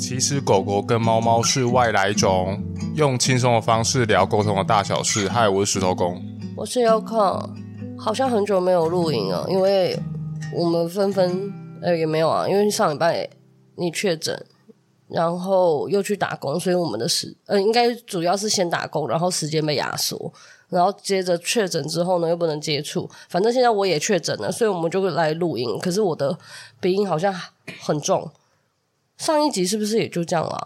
其實狗狗跟貓貓是外來種。用輕鬆的方式聊溝通的大小事。還有我是石頭公。我是優口。好像很久沒有錄音了，因為我們紛紛……呃、欸，也沒有啊，因為上禮拜你確診，然後又去打工，所以我們的時……呃，應該主要是先打工，然後時間被壓縮，然後接着確診之後呢，又不能接觸。反正現在我也確診了，所以我們就來錄音。可是我的鼻音好像很重。上一集是不是也就這樣了？啊。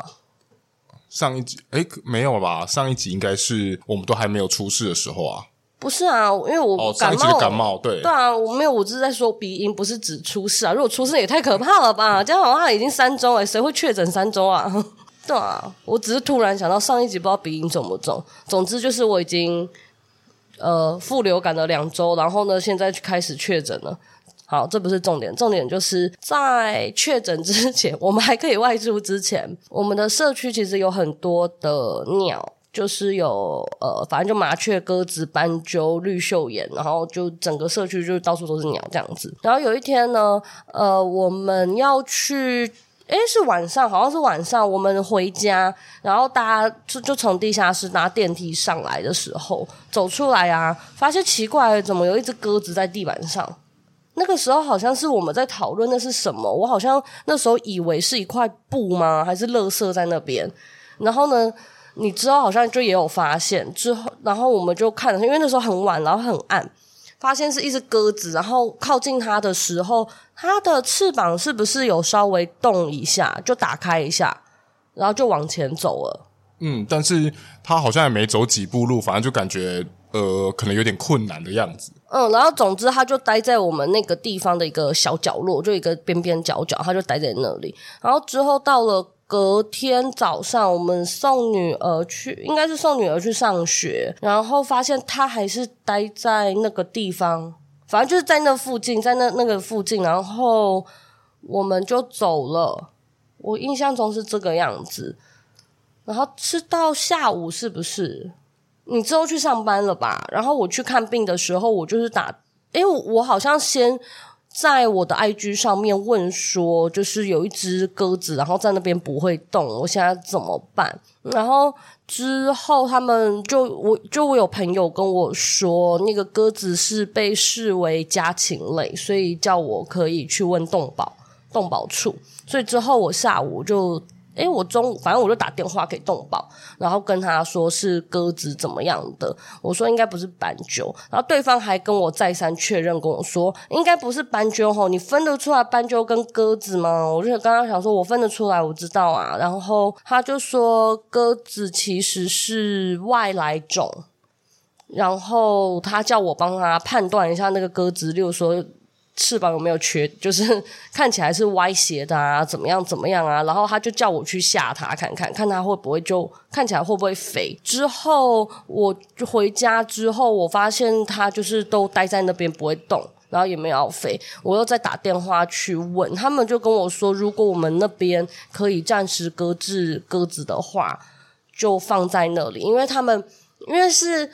上一集哎，沒有了吧？上一集應該是我們都還沒有出事的時候啊。不是啊，因為我感、哦、上一集的感冒，對對啊，我沒有，我只是在說鼻音，不是指出事啊。如果出事也太可怕了吧？這樣的話已經三周，誒，誰會確診三周啊？ 對啊，我只是突然想到上一集不知道鼻音重不重，總之就是我已經呃副流感了兩周，然後呢，現在開始確診了。好，這不是重點，重點就是在確診之前，我們還可以外出之前，我們的社區其實有很多的鳥，就是有呃，反正就麻雀、鴿子、斑鳩、綠繡眼，然後就整個社區就到處都是鳥這樣子。然後有一天呢，呃，我們要去，誒，是晚上，好像是晚上，我們回家，然後大家就就從地下室搭電梯上來的時候，走出來啊，發現奇怪，怎麼有一隻鴿子在地板上？那個時候好像是我們在討論那是什麼，我好像那時候以為是一塊布嗎？還是垃圾在那邊？然後呢，你之後好像就也有發現之後，然後我們就看了，因為那時候很晚，然後很暗，發現是一隻鴿子。然後靠近它的時候，它的翅膀是不是有稍微動一下，就打開一下，然後就往前走了。嗯，但是它好像也沒走幾步路，反正就感覺。呃，可能有點困難的樣子。嗯，然後總之，他就待在我們那個地方的一個小角落，就一個邊邊角角，他就待在那裡。然後之後到了隔天早上，我們送女兒去，應該是送女兒去上學，然後發現他還是待在那個地方，反正就是在那附近，在那那個附近。然後我們就走了。我印象中是這個樣子。然後吃到下午，是不是？你之後去上班了吧？然後我去看病的時候，我就是打，因、欸、為我，我好像先在我的 IG 上面問說，就是有一隻鴿子，然後在那邊不會動，我現在怎麼辦？然後之後他們就我就我有朋友跟我說，那個鴿子是被視為家禽類，所以叫我可以去問動保動保處。所以之後我下午就。哎，我中午反正我就打電話給動保，然後跟他說是鴿子怎麼樣的，我說應該不是斑鳩，然後對方還跟我再三確認，跟我說應該不是斑鳩齁，你分得出來斑鳩跟鴿子嗎？我就剛剛想說我分得出來，我知道啊，然後他就說鴿子其實是外來種，然後他叫我幫他判斷一下那個鴿子，六說。翅膀有沒有缺？就是看起來是歪斜的啊，怎麼樣怎麼樣啊？然後他就叫我去嚇它，看看看它會不會就看起來會不會飛。之後我就回家之後，我發現它就是都待在那邊不會動，然後也沒有飛。我又再打電話去問他們，就跟我說，如果我們那邊可以暫時擱置鴿子的話，就放在那裡，因為他們因為是。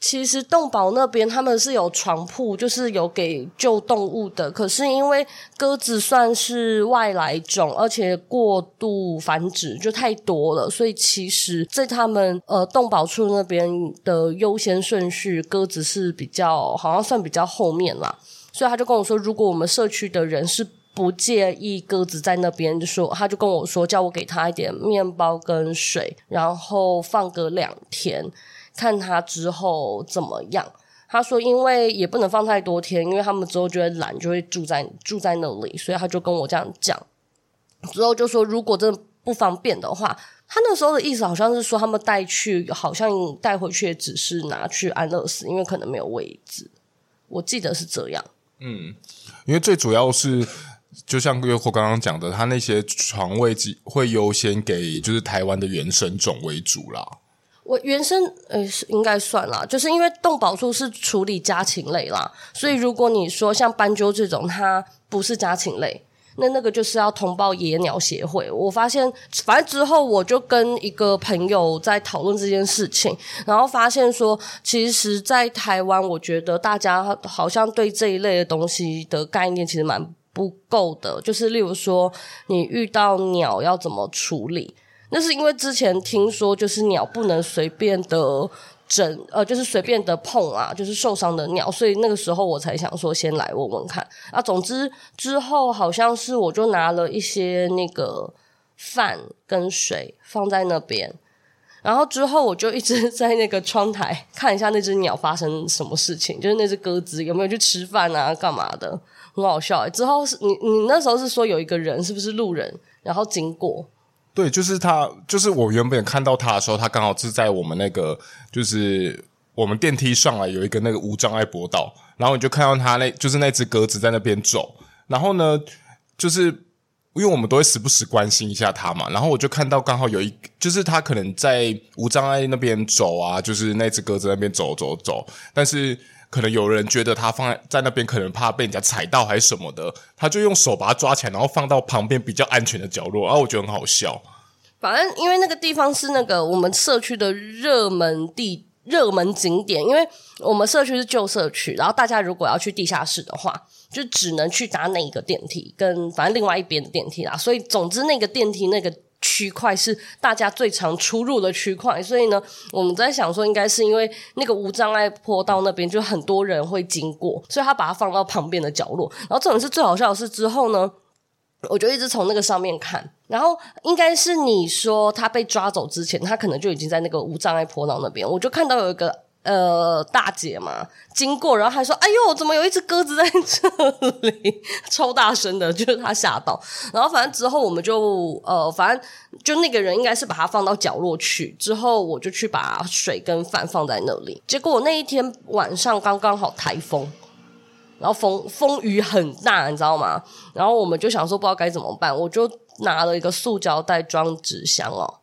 其實動保那邊他們是有床鋪，就是有給救動物的。可是因為鴿子算是外來種，而且過度繁殖就太多了，所以其實，在他們呃動保處那邊的優先順序，鴿子是比較好像算比較後面啦。所以他就跟我說，如果我們社區的人是不介意鴿子在那邊，就說他就跟我說叫我給他一點麵包跟水，然後放個兩天。看他之後怎麼樣，他說因為也不能放太多天，因為他們之後就會懶，就會住在住在那裡，所以他就跟我這樣講。之後就說如果真的不方便的話，他那時候的意思好像是說他們帶去，好像帶回去也只是拿去安樂死，因為可能沒有位置。我記得是這樣。嗯，因為最主要是就像優口剛剛講的，他那些床位會優先給就是台灣的原生種為主啦。我原生呃、欸，是應該算啦。就是因為動保處是處理家禽類啦，所以如果你說像斑鳩這種，它不是家禽類，那那個就是要通報野鳥協會。我發現，反正之後我就跟一個朋友在討論這件事情，然後發現說，其實，在台灣，我覺得大家好像對這一類的東西的概念其實蠻不夠的，就是例如說，你遇到鳥要怎麼處理？那是因為之前聽說，就是鳥不能隨便的整，呃，就是隨便的碰啊，就是受傷的鳥，所以那個時候我才想說先來問問看啊。總之之後好像是我就拿了一些那個飯跟水放在那邊，然後之後我就一直在那個窗台看一下那隻鳥發生什麼事情，就是那隻鴿子有沒有去吃飯啊，幹嘛的，很好笑欸。之後是你你那時候是說有一個人是不是路人，然後經過。對，就是他，就是我原本看到他的時候，他剛好是在我們那個，就是我們電梯上來有一個那個無障礙坡道，然後我就看到他那，就是那隻鴿子在那邊走，然後呢，就是因為我們都會時不時關心一下他嘛，然後我就看到剛好有一，就是他可能在無障礙那邊走啊，就是那隻鴿子那邊走走走，但是。可能有人覺得他放在在那邊，可能怕被人家踩到還是什麼的，他就用手把它抓起來，然後放到旁邊比較安全的角落。啊，然後我覺得很好笑。反正因為那個地方是那個我們社區的熱門地、熱門景點，因為我們社區是舊社區，然後大家如果要去地下室的話，就只能去搭那一個電梯，跟反正另外一邊的電梯啦。所以總之那個電梯那個。區塊是大家最常出入的區塊，所以呢，我們在想說，應該是因為那個無障礙坡道那邊就很多人會經過，所以他把它放到旁邊的角落。然後，這種是最好笑的事。之後呢，我就一直從那個上面看，然後應該是你說他被抓走之前，他可能就已經在那個無障礙坡道那邊，我就看到有一個。呃，大姐嘛，經過然後還說，哎呦，怎麼有一隻鴿子在這裡？超大聲的，就是他嚇到。然後反正之後我們就呃，反正就那個人應該是把它放到角落去。之後我就去把水跟飯放在那裡。結果那一天晚上剛剛好颱風，然後風風雨很大，你知道嗎？然後我們就想說不知道該怎麼辦，我就拿了一個塑膠袋裝紙箱哦。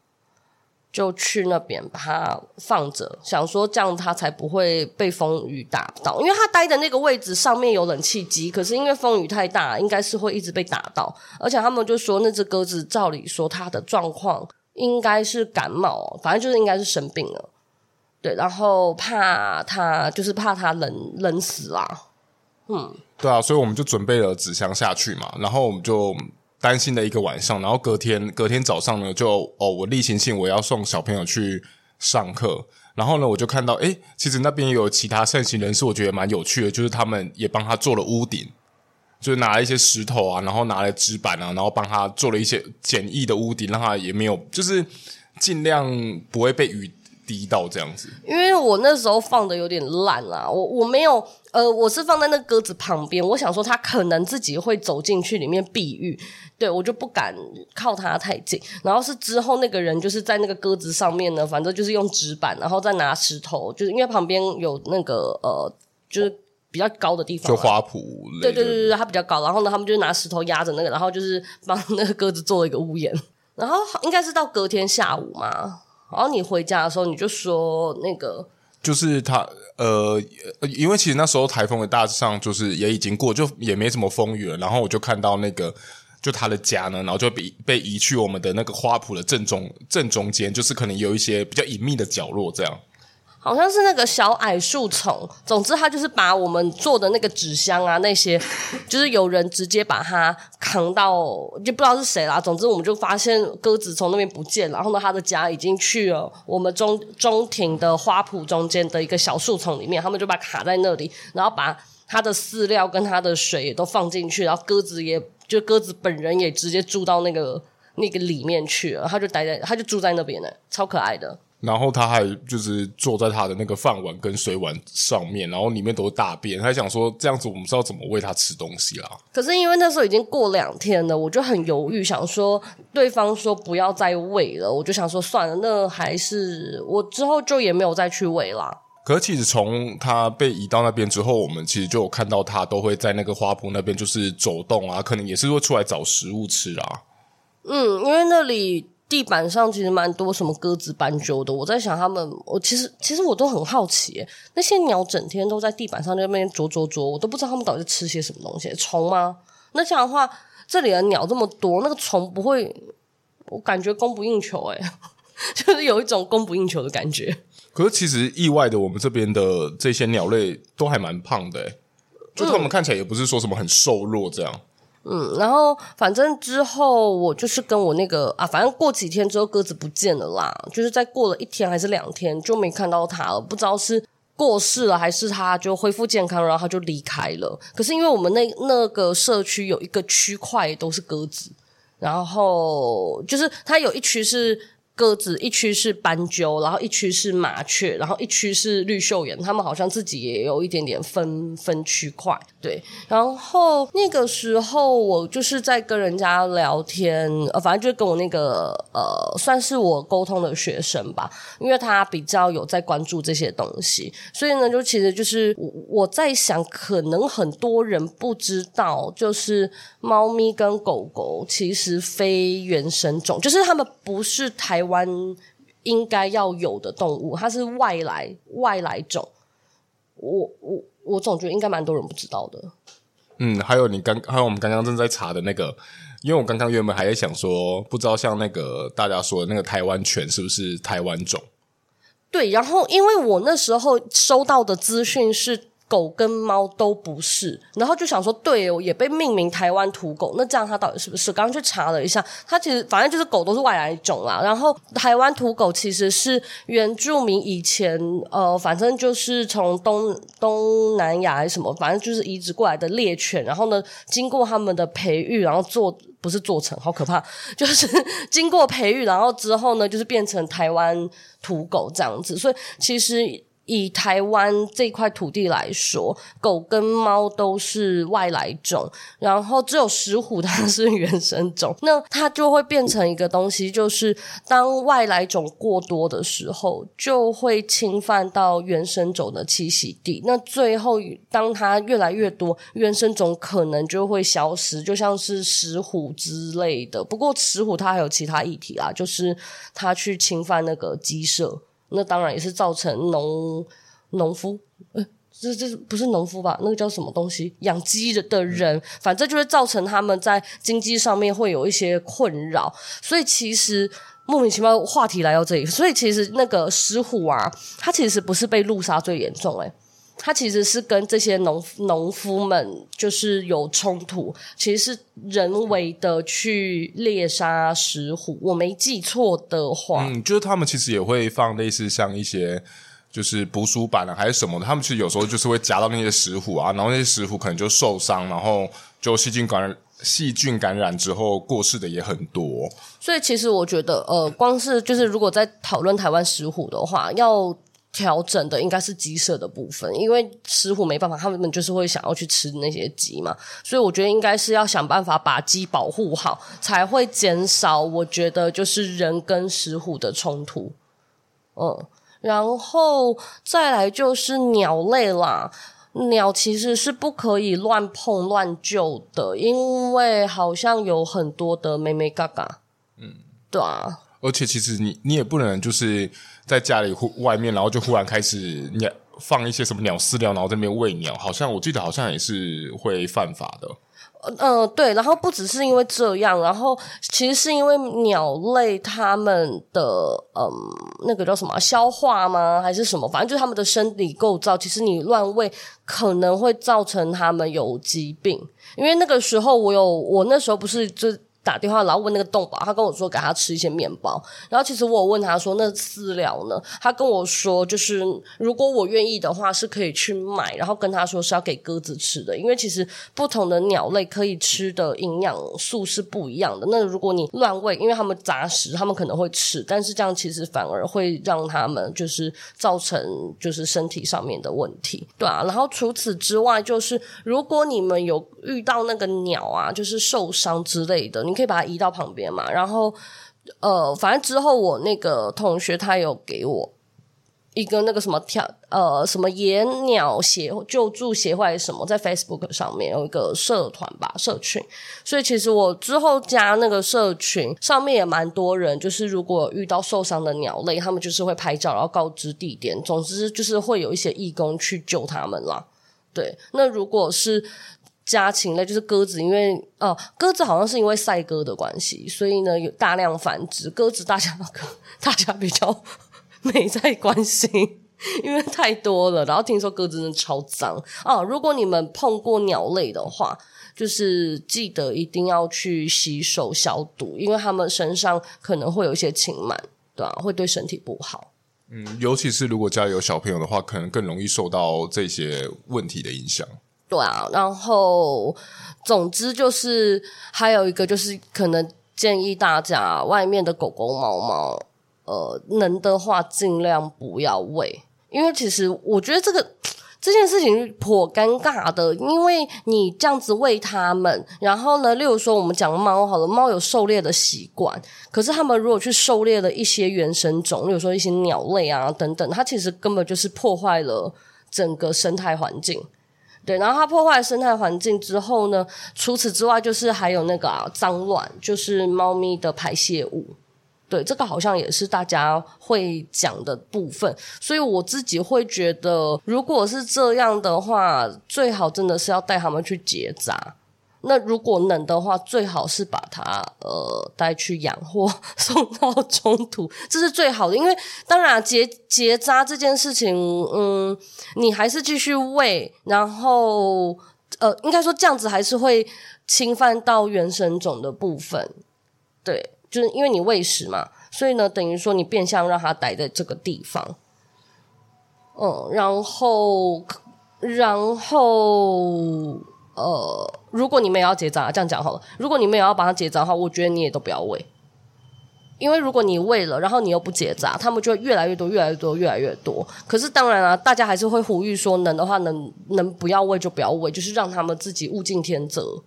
就去那邊把它放着，想說這樣它才不會被風雨打到，因為它待的那個位置上面有冷氣機，可是因為風雨太大，應該是會一直被打到。而且他們就說那只鴿子，照理說它的狀況應該是感冒，反正就是應該是生病了。對，然後怕它就是怕它冷冷死啊。嗯，對啊，所以我們就準備了紙箱下去嘛，然後我們就。擔心的一個晚上，然後隔天隔天早上呢，就哦，我例行性我要送小朋友去上課，然後呢，我就看到，誒，其實那邊有其他善行人士，我覺得蠻有趣的，就是他們也幫他做了屋頂，就是拿了一些石頭啊，然後拿了紙板啊，然後幫他做了一些簡易的屋頂，讓他也沒有，就是儘量不會被雨。低到這樣子，因為我那時候放的有點爛啦，我我沒有，呃，我是放在那個鴿子旁邊，我想說他可能自己會走進去裡面避雨，對，我就不敢靠它太近。然後是之後那個人就是在那個鴿子上面呢，反正就是用紙板，然後再拿石頭，就是因為旁邊有那個呃，就是比較高的地方啊，就花圃，對對對對對，它比較高。然後呢，他們就拿石頭壓着那個，然後就是幫那個鴿子做了一個屋檐。然後應該是到隔天下午嘛。然後你回家的時候，你就說那個，就是他，呃，因為其實那時候台風的大致上就是也已經過，就也沒什麼風雨了。然後我就看到那個，就他的家呢，然後就被被移去我們的那個花圃，的正中正中間，就是可能有一些比較隱秘的角落這樣。好像是那個小矮樹叢，總之他就是把我們做的那個紙箱啊那些，就是有人直接把它扛到，就不知道是誰啦。總之我們就發現鴿子從那邊不見了，然後呢，他的家已經去了我們中中庭的花圃中間的一個小樹叢裡面。他們就把卡在那裡，然後把它的飼料跟它的水也都放進去，然後鴿子也就鴿子本人也直接住到那個那個裡面去了。它就待在它就住在那邊呢，超可愛的。然後他還就是坐在他的那個飯碗跟水碗上面，然後裡面都是大便。他還想說這樣子，我們知道怎麼餵他吃東西啦。可是因為那時候已經過兩天了，我就很猶豫，想說對方說不要再餵了，我就想說算了，那還是我之後就也沒有再去餵啦。可是其實從他被移到那邊之後，我們其實就有看到他都會在那個花圃那邊就是走動啊，可能也是會出來找食物吃啊。嗯，因為那裡。地板上其實蠻多什麼鴿子、斑鳩的。我在想他們，我其實其實我都很好奇，欸，那些鳥整天都在地板上在那邊啄啄啄，我都不知道他們到底在吃些什麼東西，蟲嗎？那這樣的話，這裡的鳥這麼多，那個蟲不會，我感覺供不應求，欸，誒，就是有一種供不應求的感覺。可是其實意外的，我們這邊的這些鳥類都還蠻胖的，欸，就是我們看起來也不是說什麼很瘦弱這樣。嗯，然後反正之後我就是跟我那個啊，反正過幾天之後鴿子不見了啦，就是再過了一天還是兩天就沒看到它了，不知道是過世了還是它就恢復健康了，然後它就離開了。可是因為我們那那個社區有一個區塊都是鴿子，然後就是它有一區是。各自一區是斑鳩，然後一區是麻雀，然後一區是綠繡眼，他們好像自己也有一點點分分區塊。對，然後那個時候我就是在跟人家聊天，呃，反正就跟我那個呃，算是我溝通的學生吧，因為他比較有在關注這些東西，所以呢，就其實就是我我在想，可能很多人不知道，就是貓咪跟狗狗其實非原生種，就是他們不是台灣。台灣應該要有的動物，它是外來外來種。我我我總覺得應該蠻多人不知道的。嗯，還有你剛還有我們剛剛正在查的那個，因為我剛剛原本還在想說，不知道像那個大家說的那個台灣犬是不是台灣種？對，然後因為我那時候收到的資訊是。狗跟貓都不是，然後就想說，對哦，也被命名台灣土狗。那這樣它到底是不是？剛剛去查了一下，它其實反正就是狗都是外來種啦。然後台灣土狗其實是原住民以前呃，反正就是從東東南亞還是什麼，反正就是移植過來的獵犬。然後呢，經過他們的培育，然後做不是做成，好可怕，就是經過培育，然後之後呢，就是變成台灣土狗這樣子。所以其實。以台灣這塊土地來說，狗跟貓都是外來種，然後只有石虎它是原生種。那它就會變成一個東西，就是當外來種過多的時候，就會侵犯到原生種的棲息地。那最後，當它越來越多，原生種可能就會消失，就像是石虎之類的。不過，石虎它還有其他議題啊，就是它去侵犯那個雞舍。那當然也是造成農農夫，呃，這這不是農夫吧？那個叫什麼東西？養雞的人，反正就是造成他們在經濟上面會有一些困擾。所以其實莫名其妙話題來到這裡，所以其實那個石虎啊，它其實不是被路殺最嚴重誒、欸它其實是跟這些農農夫們就是有衝突，其實是人為的去獵殺石虎。我沒記錯的話，嗯，就是他們其實也會放類似像一些就是捕鼠板啊，還是什麼的，他們其實有時候就是會夾到那些石虎啊，然後那些石虎可能就受傷，然後就細菌感染，細菌感染之後過世的也很多。所以其實我覺得，呃，光是就是如果在討論台灣石虎的話，要。調整的應該是雞舍的部分，因為石虎沒辦法，他們就是會想要去吃那些雞嘛，所以我覺得應該是要想辦法把雞保護好，才會減少我覺得就是人跟石虎的衝突。嗯，然後再來就是鳥類啦，鳥其實是不可以亂碰亂救的，因為好像有很多的梅梅嘎嘎，嗯，對啊。而且其實你你也不能就是在家裡或外面，然後就忽然開始鳥放一些什麼鳥飼料，然後在那邊餵鳥，好像我記得好像也是會犯法的。嗯、呃，對。然後不只是因為這樣，然後其實是因為鳥類它們的嗯那個叫什麼消化嗎？還是什麼？反正就是它們的身體構造，其實你亂餵可能會造成它們有疾病。因為那個時候我有我那時候不是就打電話，然後問那個動保，他跟我說給他吃一些麵包。然後其實我有問他說，那飼料呢？他跟我說就是如果我願意的話是可以去買。然後跟他說是要給鴿子吃的，因為其實不同的鳥類可以吃的營養素是不一樣的。那如果你亂餵，因為它們雜食，它們可能會吃，但是這樣其實反而會讓他們就是造成就是身體上面的問題。對啊，然後除此之外，就是如果你們有遇到那個鳥啊，就是受傷之類的，可以把它移到旁邊嘛？然後，呃，反正之後我那個同學他有給我一個那個什麼跳，呃，什麼野鳥協救助協會什麼，在 Facebook 上面有一個社團吧，社群。所以其實我之後加那個社群上面也蠻多人，就是如果遇到受傷的鳥類，他們就是會拍照，然後告知地點。總之就是會有一些義工去救他們啦。對，那如果是。家禽類就是鴿子，因為哦，鴿子好像是因為賽鴿的關係，所以呢有大量繁殖。鴿子大家可大家比較，比較沒在關心，因為太多了。然後聽說鴿子真的超髒啊、哦！如果你們碰過鳥類的話，就是記得一定要去洗手消毒，因為他們身上可能會有一些禽蟎，對吧、啊？會對身體不好。嗯，尤其是如果家裡有小朋友的話，可能更容易受到這些問題的影響。對啊，然後總之就是還有一個就是可能建議大家，外面的狗狗、貓貓，呃，能的話盡量不要餵，因為其實我覺得這個這件事情頗尷尬的，因為你這樣子餵它們，然後呢，例如說我們講的貓好了，貓有狩獵的習慣，可是它們如果去狩獵了一些原生種，比如說一些鳥類啊等等，它其實根本就是破壞了整個生態環境。對，然後它破壞了生態環境之後呢，除此之外就是還有那個啊，髒亂，就是貓咪的排泄物。對，這個好像也是大家會講的部分，所以我自己會覺得，如果是這樣的話，最好真的是要帶他們去結紮。那如果能的話，最好是把它呃帶去養或送到中途，這是最好的。因為當然、啊、結結紮這件事情，嗯，你還是繼續餵，然後呃，應該說這樣子還是會侵犯到原生種的部分。對，就是因為你餵食嘛，所以呢，等於說你變相讓它待在這個地方。嗯、呃，然後然後呃。如果你沒有要結紮，這樣講好了。如果你沒有要把它結扎的話，我覺得你也都不要餵，因為如果你餵了，然後你又不結紮，他們就會越來越多、越來越多、越來越多。可是當然啊，大家還是會呼籲說，能的話能能不要餵就不要餵，就是讓他們自己物競天擇，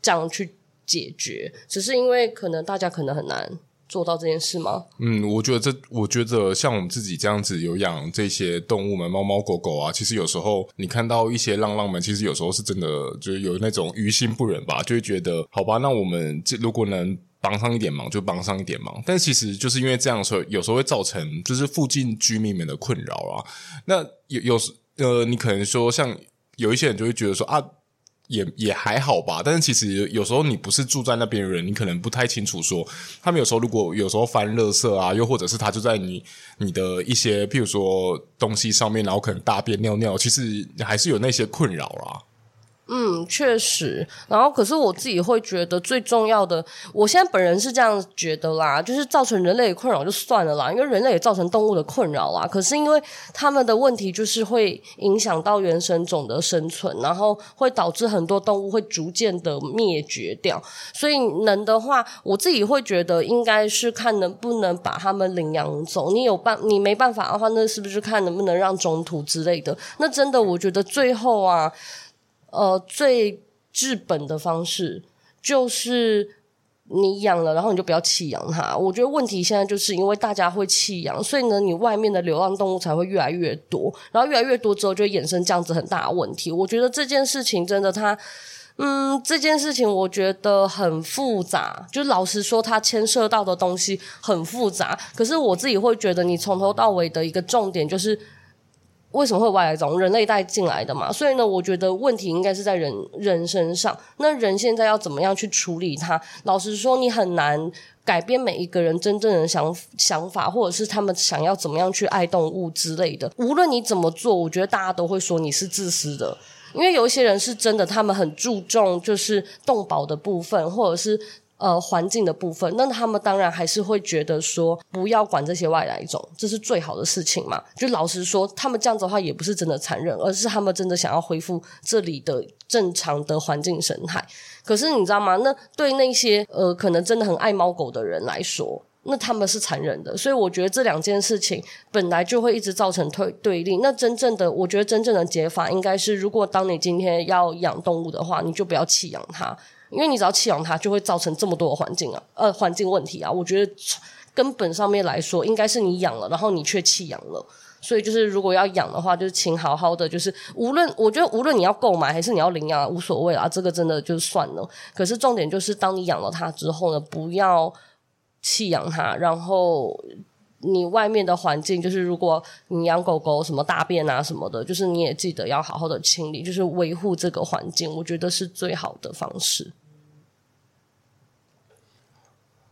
這樣去解決。只是因為可能大家可能很難。做到這件事嗎？嗯，我覺得這，我覺得像我們自己這樣子有養這些動物們，貓貓狗狗啊，其實有時候你看到一些浪浪們，其實有時候是真的就是有那種於心不忍吧，就會覺得好吧，那我們這如果能幫上一點忙，就幫上一點忙。但其實就是因為這樣，所以有時候會造成就是附近居民們的困擾啊。那有有時呃，你可能說像有一些人就會覺得說啊。也也還好吧，但是其實有時候你不是住在那邊的人，你可能不太清楚說，他們有時候如果有時候翻垃圾啊，又或者是他就在你你的一些譬如說東西上面，然後可能大便尿尿，其實還是有那些困擾啦、啊。嗯，確實。然後，可是我自己會覺得最重要的，我現在本人是這樣覺得啦，就是造成人類的困擾就算了啦，因為人類也造成動物的困擾啦。可是，因為他們的問題就是會影響到原生種的生存，然後會導致很多動物會逐漸的滅絕掉。所以，能的話，我自己會覺得應該是看能不能把他們領養走。你有辦你沒辦法的話，那是不是看能不能讓中途之類的？那真的，我覺得最後啊。呃，最治本的方式就是你養了，然後你就不要棄養它。我覺得問題現在就是因為大家會棄養，所以呢，你外面的流浪動物才會越來越多，然後越來越多之後，就衍生這樣子很大的問題。我覺得這件事情真的它，它嗯，這件事情我覺得很複雜。就老實說，它牽涉到的東西很複雜。可是我自己會覺得，你從頭到尾的一個重點就是。為什麼會外來種？人類帶進來的嘛。所以呢，我覺得問題應該是在人人身上。那人現在要怎麼樣去處理它？老實說，你很難改變每一個人真正的想想法，或者是他們想要怎麼樣去愛動物之類的。無論你怎麼做，我覺得大家都會說你是自私的。因為有一些人是真的，他們很注重就是動保的部分，或者是。呃，環境的部分，那他們當然還是會覺得說，不要管這些外來種，這是最好的事情嘛。就老實說，他們這樣子的話也不是真的殘忍，而是他們真的想要恢復這裡的正常的環境生態。可是你知道嗎？那對那些呃，可能真的很愛貓狗的人來說，那他們是殘忍的。所以我覺得這兩件事情本來就會一直造成對對立。那真正的，我覺得真正的解法應該是，如果當你今天要養動物的話，你就不要棄養它。因為你只要棄養它，就會造成這麼多的環境啊，呃，環境問題啊。我覺得從根本上面來說，應該是你養了，然後你卻棄養了。所以就是，如果要養的話，就是請好好的，就是無論我覺得無論你要購買還是你要領養，無所謂啊。這個真的就算了。可是重點就是，當你養了它之後呢，不要棄養它。然後你外面的環境，就是如果你養狗狗什麼大便啊什麼的，就是你也記得要好好的清理，就是維護這個環境，我覺得是最好的方式。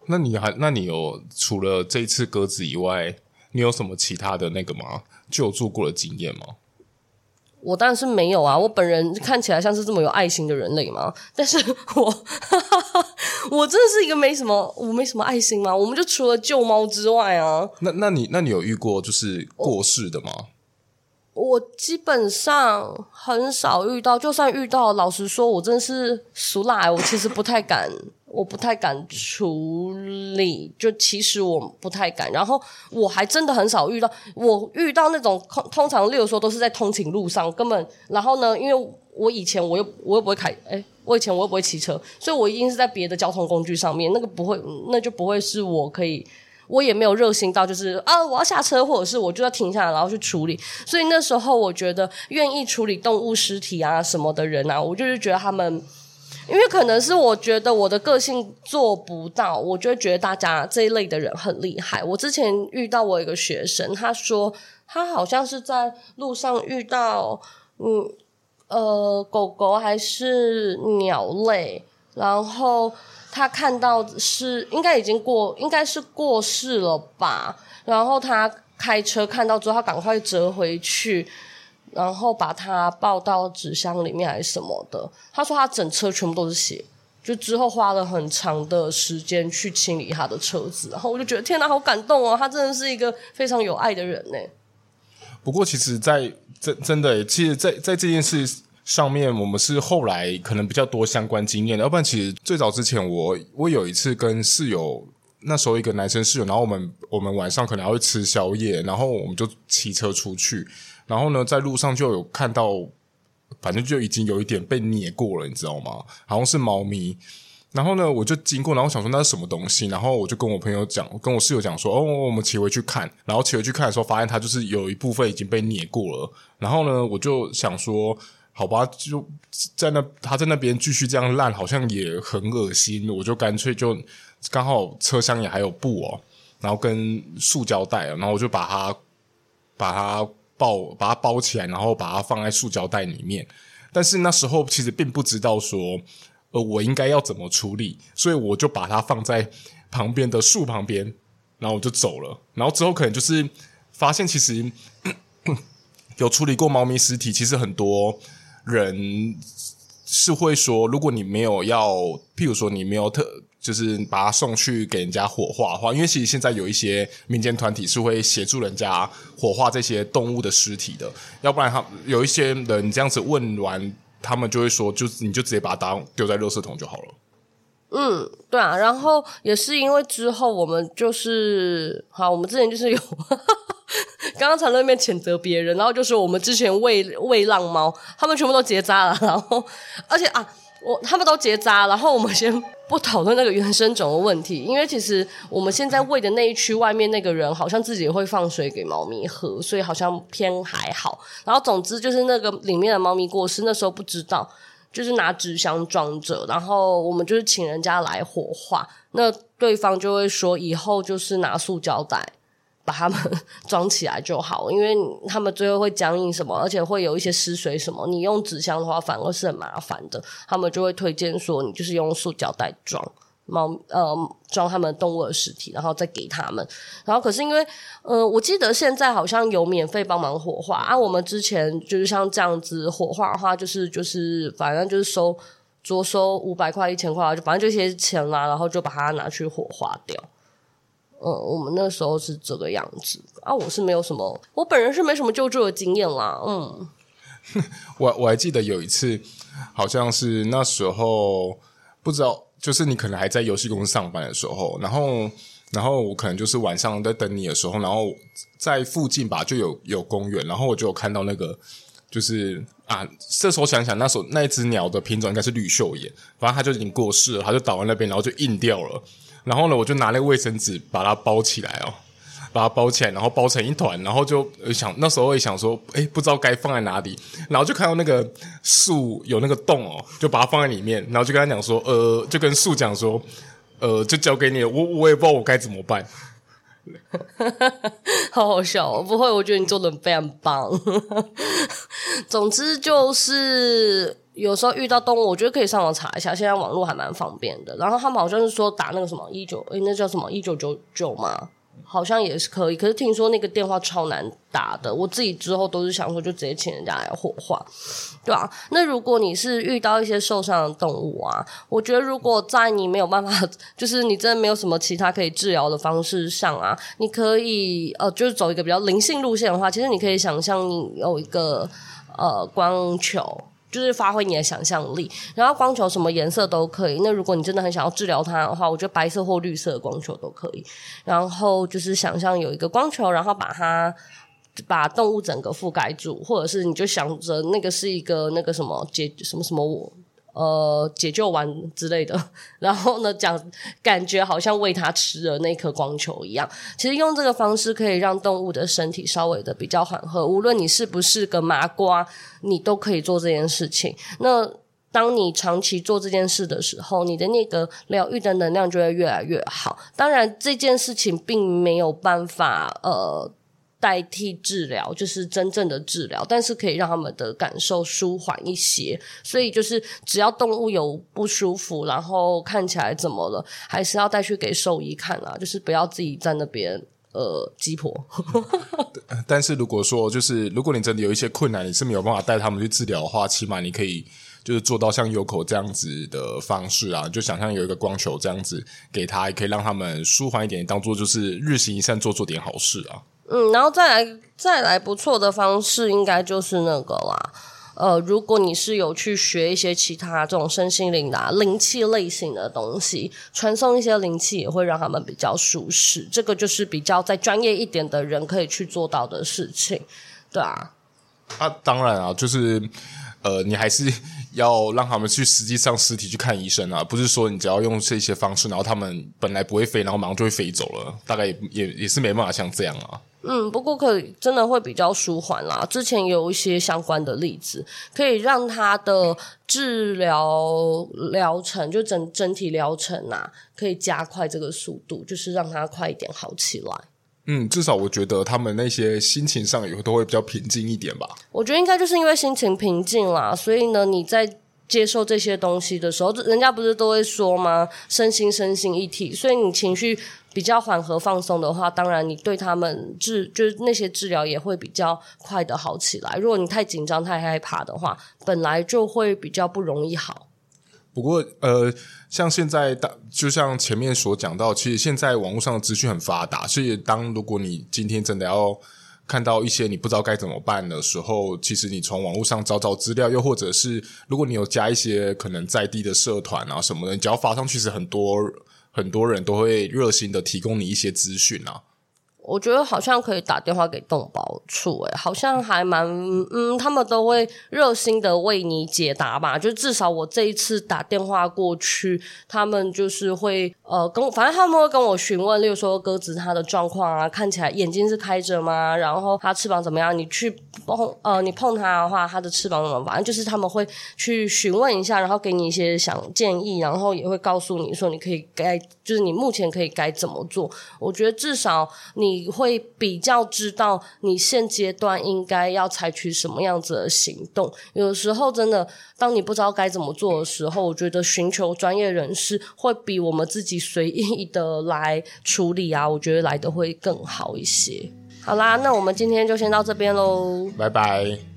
那你還？那你有除了這一次鴿子以外，你有什麼其他的那個嗎？救助過的經驗嗎？我當然是沒有啊！我本人看起來像是這麼有愛心的人類嘛，但是我哈，哈哈哈，我真的是一個沒什麼，我沒什麼愛心嗎？我們就除了救貓之外啊，那那你那你有遇過就是過世的嗎？我我基本上很少遇到，就算遇到，老實說，我真的是俗辣、欸，我其實不太敢。 我不太敢處理，就其實我不太敢。然後我還真的很少遇到，我遇到那種通常，例如說都是在通勤路上，根本。然後呢，因為我以前我又我又不會開，誒，我以前我又不會騎車，所以我一定是在別的交通工具上面。那個不會，那就不會是我可以，我也沒有熱心到，就是啊，我要下車，或者是我就要停下來，然後去處理。所以那時候，我覺得願意處理動物屍體啊什麼的人啊，我就是覺得他們。因為可能是我覺得我的個性做不到，我就會覺得大家這一類的人很厲害。我之前遇到我一個學生，他說他好像是在路上遇到嗯呃狗狗還是鳥類，然後他看到是應該已經過應該是過世了吧，然後他開車看到之後，他趕快折回去。然後把他抱到紙箱裡面還是什麼的，他說他整車全部都是血，就之後花了很長的時間去清理他的車子，然後我就覺得天哪，好感動哦，他真的是一個非常有愛的人呢。不過其實在真的，其實在真的，其實在在這件事上面，我們是後來可能比較多相關經驗的，要不然其實最早之前我，我我有一次跟室友，那時候一個男生室友，然後我們我們晚上可能要吃宵夜，然後我們就騎車出去。然後呢，在路上就有看到，反正就已經有一點被碾過了，你知道嗎？好像是貓咪。然後呢，我就經過，然後想說那是什麼東西？然後我就跟我朋友講，跟我室友講說，哦，我們騎回去看。然後騎回去看的時候，發現它就是有一部分已經被碾過了。然後呢，我就想說，好吧，就在那，他在那邊繼續這樣爛，好像也很噁心。我就乾脆就剛好車廂也還有布哦，然後跟塑膠袋，然後我就把它把它。抱，把它包起來，然後把它放在塑膠袋裡面。但是那時候其實並不知道說，呃，我應該要怎麼處理，所以我就把它放在旁邊的樹旁邊，然後我就走了。然後之後可能就是發現，其實咳咳有處理過貓咪屍體，其實很多人是會說，如果你沒有要，譬如說你沒有特。就是把它送去給人家火化的話，因為其實現在有一些民間團體是會協助人家火化這些動物的屍體的。要不然他，他有一些人這樣子問完，他們就會說就，就你就直接把它丟在垃圾桶就好了。嗯，對啊。然後也是因為之後我們就是，好，我們之前就是有剛剛才那邊譴責別人，然後就是我們之前餵餵浪貓，他們全部都結紮了。然後，而且啊，我他們都結紮，然後我們先。哦不討論那個原生種的問題，因為其實我們現在餵的那一區外面那個人好像自己會放水給貓咪喝，所以好像偏還好。然後總之就是那個裡面的貓咪過世，那時候不知道，就是拿紙箱裝着，然後我們就是請人家來火化，那對方就會說以後就是拿塑膠袋。把它們裝起來就好，因為他們最後會僵硬什麼，而且會有一些失水什麼。你用紙箱的話，反而是很麻煩的。他們就會推薦說，你就是用塑膠袋裝貓，呃，裝他們動物的屍體，然後再給他們。然後可是因為，呃，我記得現在好像有免費幫忙火化啊。我們之前就是像這樣子火化的話，就是就是反正就是收，多收五百塊一千塊，就反正這些錢啦，啊，然後就把它拿去火化掉。嗯，我們那時候是這個樣子。啊，我是沒有什麼，我本人是沒什麼救助的經驗啦。嗯，我我還記得有一次，好像是那時候不知道，就是你可能還在遊戲公司上班的時候，然後然後我可能就是晚上在等你的時候，然後在附近吧，就有有公園，然後我就有看到那個就是啊，這時候想想那時候那隻鳥的品種應該是綠繡眼，反正它就已經過世了，它就倒在那邊，然後就硬掉了。然後呢，我就拿那個衛生紙把它包起來哦，把它包起來，然後包成一團，然後就想那時候也想說，誒，不知道該放在哪裡，然後就看到那個樹有那個洞哦，就把它放在裡面，然後就跟他講說，呃，就跟樹講說，呃，就交給你，我我也不知道我該怎麼辦， 好好笑哦，不會，我覺得你做的非常棒， 總之就是。有時候遇到動物，我覺得可以上網查一下，現在網絡還蠻方便的。然後他們好像是說打那個什麼一九，欸、誒，那叫什麼一九九九嗎？好像也是可以。可是聽說那個電話超難打的，我自己之後都是想說就直接請人家來火化，對吧、啊？那如果你是遇到一些受傷的動物啊，我覺得如果在你沒有辦法，就是你真的沒有什麼其他可以治療的方式上啊，你可以呃，就是走一個比較靈性路線的話，其實你可以想象你有一個呃光球。就是發揮你的想象力，然後光球什麼顏色都可以。那如果你真的很想要治療它的話，我覺得白色或綠色的光球都可以。然後就是想象有一個光球，然後把它把動物整個覆蓋住，或者是你就想着那個是一個那個什麼結什麼什麼我。呃，解救完之類的，然後呢，講感覺好像餵它吃了那顆光球一樣。其實用這個方式可以讓動物的身體稍微的比較緩和。無論你是不是個麻瓜，你都可以做這件事情。那當你長期做這件事的時候，你的那個療癒的能量就會越來越好。當然，這件事情並沒有辦法呃，代替治療，就是真正的治療，但是可以讓他們的感受舒緩一些。所以就是只要動物有不舒服，然後看起來怎麼了，還是要帶去給獸醫看啊。就是不要自己在那邊呃雞婆。雞婆 但是如果說就是如果你真的有一些困難，你是沒有辦法帶他們去治療的話，起碼你可以就是做到像優口這樣子的方式啊，就想象有一個光球這樣子給他，也可以讓他們舒緩一點，當做就是日行一善，做做點好事啊。嗯，然後再來再來不錯的方式，應該就是那個啦。呃，如果你是有去學一些其他這種身心靈的、啊、靈氣類型的東西，傳送一些靈氣也會讓他們比較舒適。這個就是比較再專業一點的人可以去做到的事情，對啊。啊，當然啊，就是呃，你還是要讓他們去實際上實體去看醫生啊。不是說你只要用這些方式，然後他們本來不會飛，然後馬上就會飛走了。大概也也也是沒辦法像這樣啊。嗯，不過可以真的會比較舒緩啦。之前有一些相關的例子，可以讓他的治療療程就整整體療程啊，可以加快這個速度，就是讓他快一點好起來。嗯，至少我覺得他們那些心情上也都會比較平靜一點吧。我覺得應該就是因為心情平靜啦，所以呢，你在。接受這些東西的時候，人家不是都會說嗎？身心身心一體，所以你情緒比較緩和放鬆的話，當然你對他們治就那些治療也會比較快的好起來。如果你太緊張太害怕的話，本來就會比較不容易好。不過呃，像現在當就像前面所講到，其實現在網絡上的資訊很發達，所以當如果你今天真的要。看到一些你不知道該怎麼辦的時候，其實你從網絡上找找資料，又或者是如果你有加一些可能在地的社團啊什麼的，你只要發上去，是很多很多人都會熱心的提供你一些資訊啊。我覺得好像可以打電話給動保處，欸，誒好像還蠻嗯，他們都會熱心的為你解答吧。就至少我這一次打電話過去，他們就是會呃跟，反正他們會跟我詢問，例如說鴿子它的狀況啊，看起來眼睛是開着嗎？然後它翅膀怎麼樣？你去碰呃，你碰它的話，它的翅膀怎麼？反正就是他們會去詢問一下，然後給你一些想建議，然後也會告訴你說你可以該，就是你目前可以該怎麼做。我覺得至少你。你會比較知道你現階段應該要採取什麼樣子的行動。有時候真的，當你不知道該怎麼做的時候，我覺得尋求專業人士會比我們自己隨意的來處理啊，我覺得來的會更好一些。好啦，那我們今天就先到這邊嘍，拜拜。